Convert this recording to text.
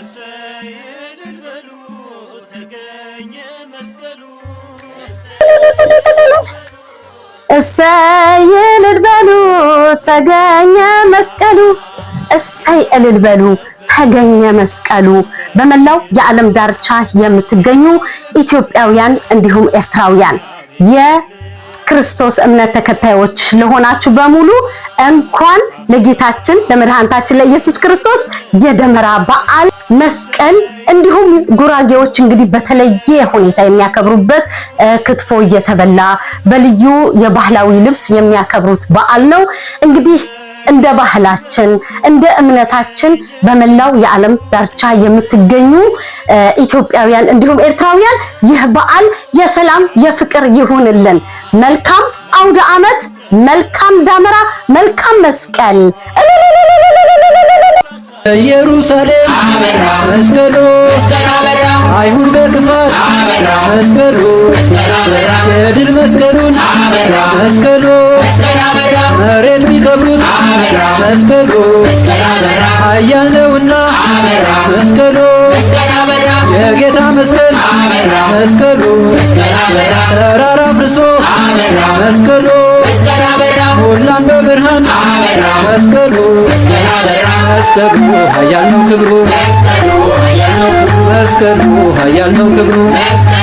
እሰይ ተገኘ መስቀሉ እሰይ እልል በሉ ተገኘ መስቀሉ እሰይ እልል በሉ ተገኘ መስቀሉ። በመላው የዓለም ዳርቻ የምትገኙ ኢትዮጵያውያን እንዲሁም ኤርትራውያን ክርስቶስ እምነት ተከታዮች ለሆናችሁ በሙሉ እንኳን ለጌታችን ለመድኃኒታችን ለኢየሱስ ክርስቶስ የደመራ በዓል መስቀል እንዲሁም ጉራጌዎች እንግዲህ በተለየ ሁኔታ የሚያከብሩበት ክትፎ እየተበላ በልዩ የባህላዊ ልብስ የሚያከብሩት በዓል ነው። እንግዲህ እንደ ባህላችን እንደ እምነታችን በመላው የዓለም ዳርቻ የምትገኙ ኢትዮጵያውያን እንዲሁም ኤርትራውያን ይህ በዓል የሰላም የፍቅር ይሁንልን። መልካም አውደ ዓመት፣ መልካም ዳመራ፣ መልካም መስቀል። ኢየሩሳሌም መስቀሉ አይሁድ በክፋት መስቀሉ የድል መስቀሉን መስቀሉ መሬት ቢከብሩት መስቀሉ ኃያል ነውና መስቀሉ የጌታ መስቀል መስቀሉ መስቀሉ ሁላን በብርሃን መስቀሉ መስቀሉ ኃያል ነው ክብሩ መስቀሉ ኃያል ነው ክብሩ